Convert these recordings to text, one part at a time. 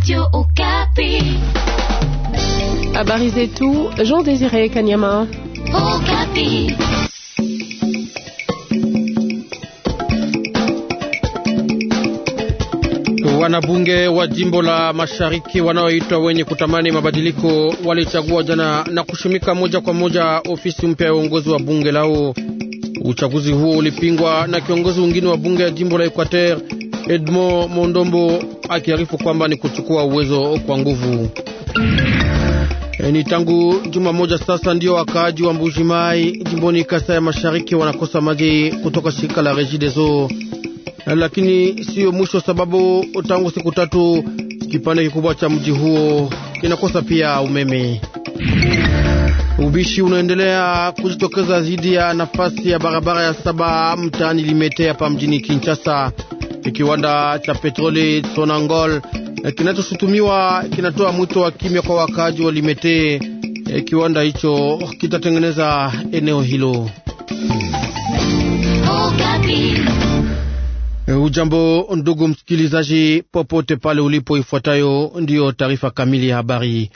Radio Okapi. Habari zetu, Jean Désiré Kanyama. Okapi. Wanabunge wa jimbo la Mashariki wanaoitwa wenye kutamani mabadiliko walichagua jana na kushimika moja kwa moja ofisi mpya ya uongozi wa bunge lao. Uchaguzi huo ulipingwa na kiongozi mwingine wa bunge ya jimbo la Equateur Edmond Mondombo akiarifu kwamba ni kuchukua uwezo kwa nguvu. E, ni tangu juma moja sasa ndio wakaaji wa Mai jimboni Kasa ya Mashariki wanakosa maji kutoka shirika la Regideso, e, lakini siyo mwisho, sababu tangu siku tatu kipande kikubwa cha mji huo kinakosa pia umeme. Ubishi unaendelea kujitokeza dhidi ya nafasi ya barabara ya saba mtaani Limete hapa mjini Kinshasa. Kiwanda cha petroli Sonangol eh, kinachoshutumiwa kinatoa mwito wa kimya kwa wakaaji wa Limete. Eh, kiwanda hicho kitatengeneza eneo hilo. Eh, ujambo ndugu msikilizaji, popote pale ulipo, ifuatayo ndiyo taarifa kamili ya habari.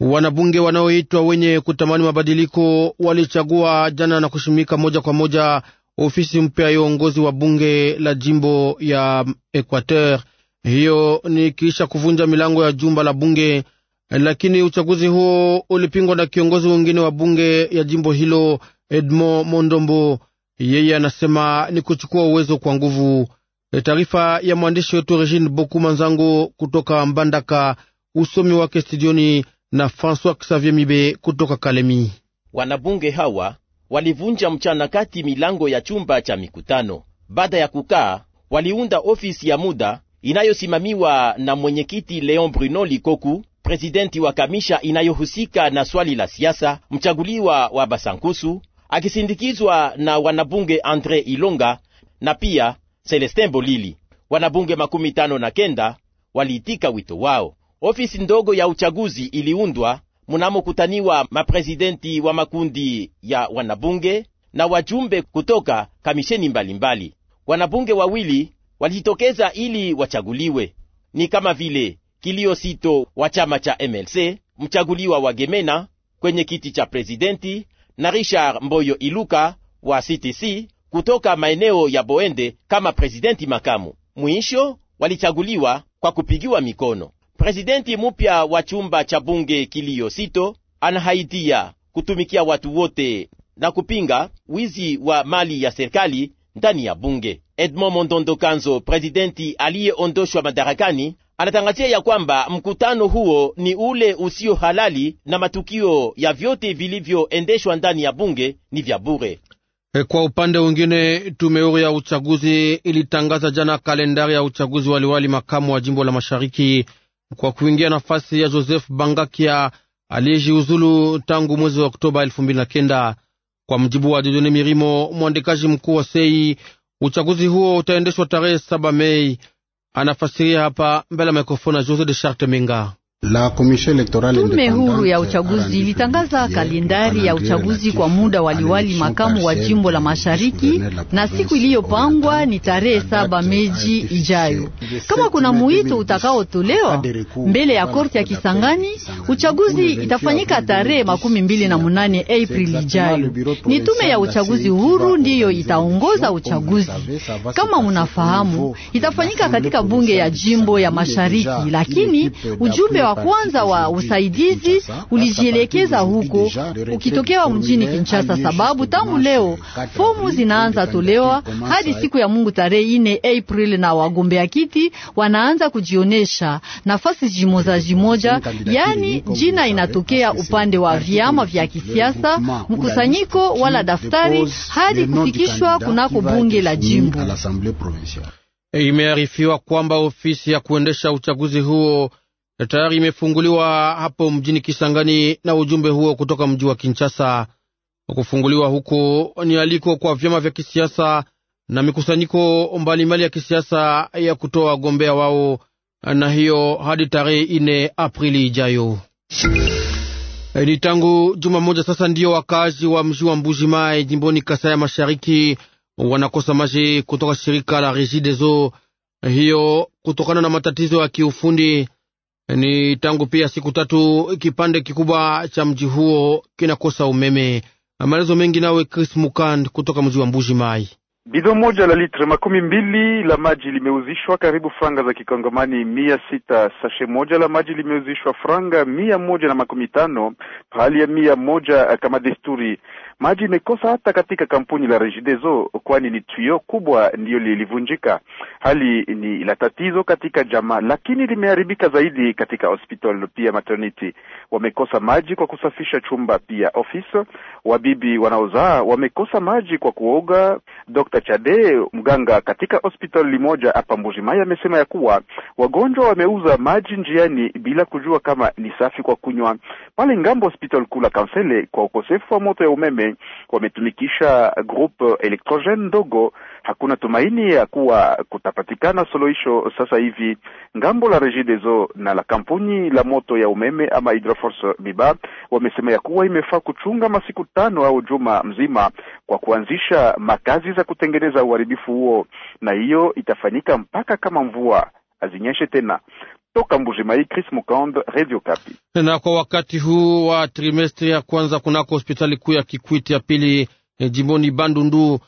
Wanabunge wanaoitwa wenye kutamani mabadiliko walichagua jana na kushimika moja kwa moja ofisi mpya ya uongozi wa bunge la jimbo ya Equateur. Hiyo ni kisha kuvunja milango ya jumba la bunge, lakini uchaguzi huo ulipingwa na kiongozi mwingine wa bunge ya jimbo hilo Edmond Mondombo. Yeye anasema ni kuchukua uwezo kwa nguvu. E, taarifa ya mwandishi wetu Regine Bokuma Nzango kutoka Mbandaka, usomi wake studioni na François Xavier Mibe kutoka Kalemi. Wanabunge hawa walivunja mchana kati milango ya chumba cha mikutano. Baada ya kukaa, waliunda ofisi ya muda inayosimamiwa na mwenyekiti Leon Bruno Likoku, presidenti wa kamisha inayohusika na swali la siasa, mchaguliwa wa Basankusu, akisindikizwa na wanabunge Andre Ilonga na pia Celestin Bolili. Wanabunge makumi tano na kenda waliitika wito wao. Ofisi ndogo ya uchaguzi iliundwa munamokutaniwa maprezidenti wa makundi ya wanabunge na wajumbe kutoka kamisheni mbalimbali mbali. Wanabunge wawili walijitokeza ili wachaguliwe, ni kama vile Kilio Sito wa chama cha MLC, mchaguliwa wa Gemena kwenye kiti cha prezidenti na Richard Mboyo Iluka wa CTC kutoka maeneo ya Boende kama prezidenti makamu. Mwisho walichaguliwa kwa kupigiwa mikono. Presidenti mupya wa chumba cha bunge kilio sito anahaidia kutumikia watu wote na kupinga wizi wa mali ya serikali ndani ya bunge. Edmond Mondondo Kanzo, presidenti aliyeondoshwa madarakani, anatangazia ya kwamba mkutano huo ni ule usio halali na matukio ya vyote vilivyoendeshwa ndani ya bunge ni vya bure. Eh, kwa upande mwingine, tume huru ya uchaguzi ilitangaza jana kalendari ya uchaguzi waliwali makamu wa jimbo la mashariki kwa kuingia nafasi ya Joseph Bangakia aliyejiuzulu tangu mwezi wa Oktoba elfu mbili na kenda. Kwa mjibu wa Didoni Mirimo, mwandikaji mkuu wa Sei, uchaguzi huo utaendeshwa tarehe saba Mei. Anafasiria hapa mbele ya mikrofoni ya Jose de Charte Minga. La tume huru ya uchaguzi ilitangaza kalendari ya uchaguzi kwa muda waliwali makamu wa jimbo la Mashariki, na siku iliyopangwa ni tarehe saba Meji ijayo. Kama kuna mwito utakaotolewa mbele ya korti ya Kisangani, uchaguzi itafanyika tarehe makumi mbili na munane Aprili ijayo. Ni tume ya uchaguzi huru ndiyo itaongoza uchaguzi. Kama mnafahamu itafanyika katika bunge ya jimbo ya Mashariki, lakini ujumbe wa kwanza wa usaidizi ulijielekeza huko ukitokewa mjini Kinshasa, sababu tangu leo fomu zinaanza tolewa hadi siku ya Mungu tarehe ine Aprili, na wagombea kiti wanaanza kujionesha nafasi jimoza jimoja, yani jina inatokea upande wa vyama vya kisiasa, mkusanyiko wala daftari hadi kufikishwa kunako bunge la jimbo. Imearifiwa kwamba ofisi ya kuendesha uchaguzi huo tayari imefunguliwa hapo mjini Kisangani na ujumbe huo kutoka mji wa Kinshasa. Kufunguliwa huko ni aliko kwa vyama vya kisiasa na mikusanyiko mbalimbali mbali ya kisiasa ya kutoa wagombea wao, na hiyo hadi tarehe ine Aprili ijayo. Eh, ni tangu juma moja sasa ndiyo wakazi wa mji wa Mbuji Mai jimboni Kasai ya Mashariki wanakosa maji kutoka shirika la Regideso, eh, hiyo kutokana na matatizo ya kiufundi. Ni tangu pia siku tatu kipande kikubwa cha mji huo kinakosa umeme. Maelezo mengi nawe Chris Mukand kutoka mji wa Mbuji Mai. Bidho moja la litre makumi mbili la maji limeuzishwa karibu franga za kikongomani mia sita. Sashe moja la maji limeuzishwa franga mia moja na makumi tano pahali ya mia moja kama desturi. Maji imekosa hata katika kampuni la Regideso, kwani ni tuyo kubwa ndiyo lilivunjika. Hali ni la tatizo katika jamaa, lakini limeharibika zaidi katika hospital, pia maternity wamekosa maji kwa kusafisha chumba, pia ofisi. Wabibi wanaozaa wamekosa maji kwa kuoga. Dr. Chade, mganga katika hospital limoja hapa Mbujimai, amesema ya kuwa wagonjwa wameuza maji njiani bila kujua kama ni safi kwa kunywa. Pale ngambo hospital kula Kansele, kwa ukosefu wa moto ya umeme wametumikisha grupu electrogen ndogo, hakuna tumaini ya kuwa kutapatikana suluhisho sasa hivi. Ngambo la Regideso na la kampuni la moto ya umeme ama Hydroforce Miba wamesema ya kuwa imefaa kuchunga masiku tano au juma mzima kwa kuanzisha makazi za kutengeneza uharibifu huo, na hiyo itafanyika mpaka kama mvua hazinyeshe tena. Toka Mbujimai, Chris Mukand, Radio Kapi. Na kwa wakati huu wa trimestri ya kwanza kunako hospitali kuu ya Kikwiti ya pili eh, jimboni Bandundu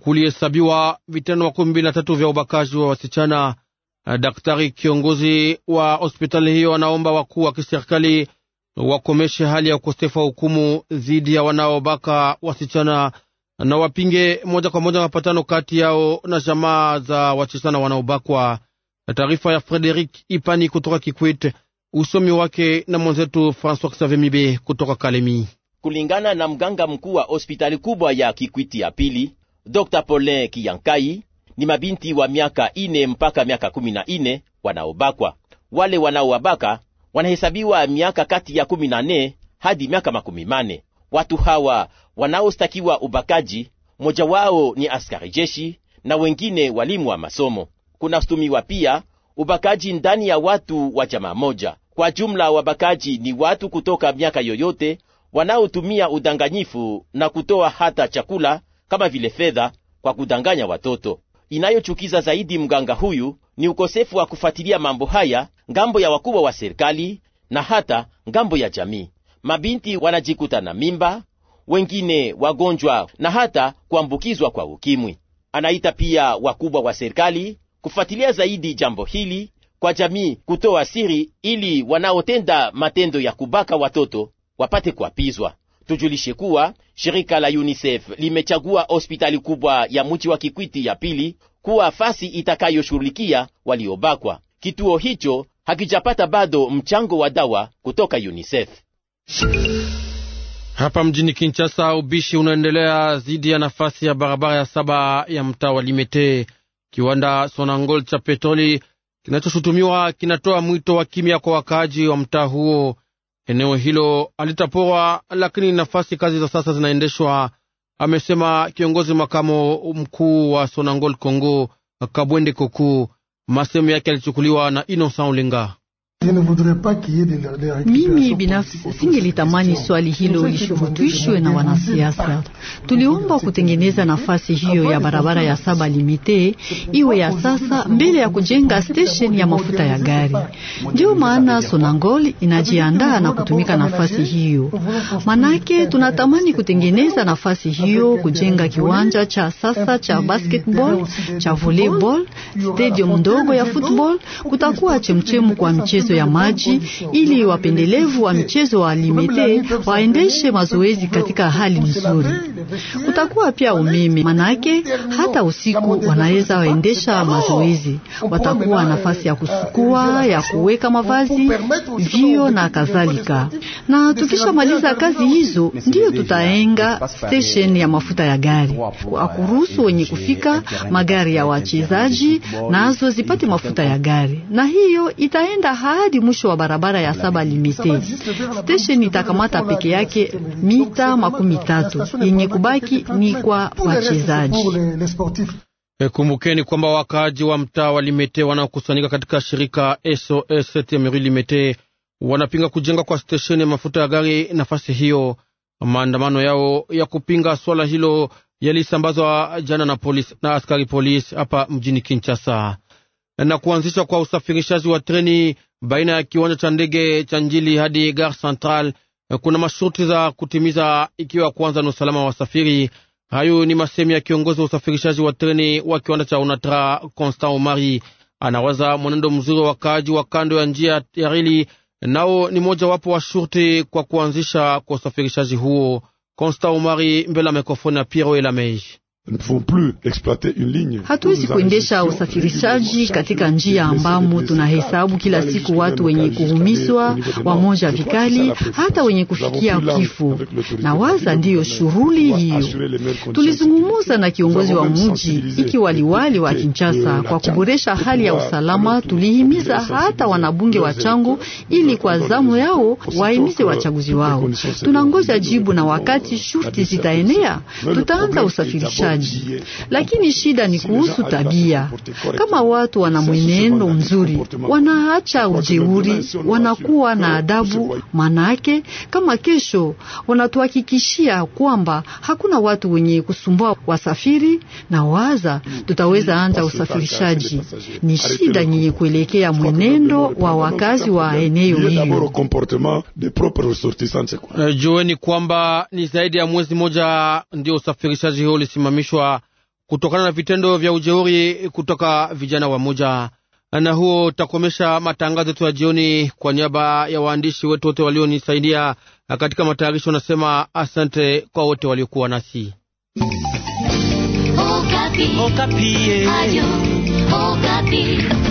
kulihesabiwa vitendo makumi mbili na tatu vya ubakaji wa wasichana. Eh, daktari kiongozi wa hospitali hiyo anaomba wakuu wa kiserikali wakomeshe hali ya ukosefu wa hukumu dhidi ya wanaobaka wasichana na wapinge moja kwa moja mapatano kati yao na jamaa za wasichana wanaobakwa. Taarifa ya Frederic Ipani kutoka Kikwit, usomi wake na mwenzetu François Savemibe kutoka Kalemi. Kulingana na mganga mkuu wa hospitali kubwa ya Kikwiti ya pili, Dr. Paulin Kiyankai, ni mabinti wa miaka ine mpaka miaka kumi na ine wanaobakwa. Wale wanaowabaka wanahesabiwa miaka kati ya kumi na nne hadi miaka makumi mane. Watu hawa wanaostakiwa ubakaji, mmoja wao ni askari jeshi na wengine walimu wa masomo kunashutumiwa pia ubakaji ndani ya watu wa jamaa moja. Kwa jumla, wabakaji ni watu kutoka miaka yoyote wanaotumia udanganyifu na kutoa hata chakula kama vile fedha kwa kudanganya watoto. Inayochukiza zaidi mganga huyu ni ukosefu wa kufuatilia mambo haya ngambo ya wakubwa wa serikali na hata ngambo ya jamii. Mabinti wanajikuta na mimba, wengine wagonjwa na hata kuambukizwa kwa ukimwi. Anaita pia wakubwa wa serikali kufuatilia zaidi jambo hili kwa jamii, kutoa siri ili wanaotenda matendo ya kubaka watoto wapate kuapizwa. Tujulishe kuwa shirika la UNICEF limechagua hospitali kubwa ya mji wa Kikwiti ya pili kuwa fasi itakayoshughulikia waliobakwa. Kituo hicho hakijapata bado mchango wa dawa kutoka UNICEF. Hapa mjini Kinshasa, ubishi unaendelea dhidi ya nafasi ya barabara ya saba ya mtaa wa Limete. Kiwanda Sonangol cha petroli kinachoshutumiwa kinatoa mwito wa kimya kwa wakaaji wa mtaa huo. Eneo hilo alitapoa, lakini nafasi kazi za sasa zinaendeshwa, amesema kiongozi makamo mkuu wa Sonangol Kongo Kabwende kokuu Masemo yake yalichukuliwa na Innocent Ulinga. Mimi binafsi singelitamani swali hilo lishurutishwe na wanasiasa. Tuliomba kutengeneza nafasi hiyo ya barabara ya saba limite iwe ya sasa mbele ya kujenga stesheni ya mafuta ya gari. Ndio maana Sonangol inajiandaa na kutumika nafasi hiyo, manake tunatamani kutengeneza nafasi hiyo, kujenga kiwanja cha sasa cha basketball, cha volleyball, stadium ndogo ya football. Kutakuwa chemchemu kwa mchezo michezo ya maji ili wapendelevu wa michezo limete waendeshe mazoezi katika hali nzuri. Kutakuwa pia umeme, manake hata usiku wanaweza waendesha mazoezi. Watakuwa nafasi ya kusukua, ya kuweka mavazi, vio na kadhalika. Na tukishamaliza kazi hizo, ndiyo tutaenga station ya mafuta ya gari, akuruhusu wenye kufika magari ya wachezaji nazo zipate mafuta ya gari, na hiyo itaenda hali hadi mwisho wa barabara ya saba Limite. Stesheni itakamata peke yake mita makumi tatu, yenye kubaki ni kwa wachezaji. E, kumbukeni kwamba wakaaji wa mtaa wa Limete wanaokusanyika katika shirika SOS Temeru Limete wanapinga kujenga kwa stesheni ya mafuta ya gari nafasi hiyo. Maandamano yao ya kupinga swala hilo yalisambazwa jana na polisi na askari polisi hapa mjini Kinshasa na kuanzishwa kwa usafirishaji wa treni baina ya kiwanja cha ndege cha Njili hadi Gare Central kuna masharti za kutimiza, ikiwa kwanza ni usalama wa wasafiri. Hayo ni masemi ya kiongozi wa usafirishaji wa treni wa kiwanda cha Unatra, Constant Omari. Anawaza mwenendo mzuri wa kaji wa kando ya njia ya reli, nao ni moja wapo wa shurti kwa kuanzisha kwa usafirishaji huo. Constant Omari mbele ya mikrofoni ya Piero Elamei. Hatuwezi kuendesha usafirishaji katika njia ambamo tunahesabu kila siku watu wenye kuhumiswa wamoja vikali, hata wenye kufikia kifo, na waza ndiyo shughuli hiyo. Tulizungumuza na kiongozi wa muji iki waliwali wa Kinshasa kwa kuboresha hali ya usalama. Tulihimiza hata wanabunge wa chango ili kwa zamu yao wahimize wachaguzi wao. Tunangoja jibu, na wakati shurti zitaenea tutaanza usafirishaji usafirishaji, lakini shida ni kuhusu tabia. Kama watu wana mwenendo mzuri, wanaacha ujeuri, wanakuwa na adabu. Manake kama kesho wanatuhakikishia kwamba hakuna watu wenye kusumbua wasafiri, na waza hmm. tutaweza hmm. anza usafirishaji. Ni shida yenye kuelekea mwenendo wa wakazi wa eneo hiyo. Eh, Jueni kwamba ni zaidi ya mwezi mmoja ndio usafirishaji huo ulisimamishwa kusimamishwa kutokana na vitendo vya ujeuri kutoka vijana wa moja. Na huo utakomesha matangazo yetu ya jioni. Kwa niaba ya waandishi wetu wote walionisaidia katika matayarisho, nasema asante kwa wote waliokuwa nasi Okapi. Okapi. Eh. Okapi.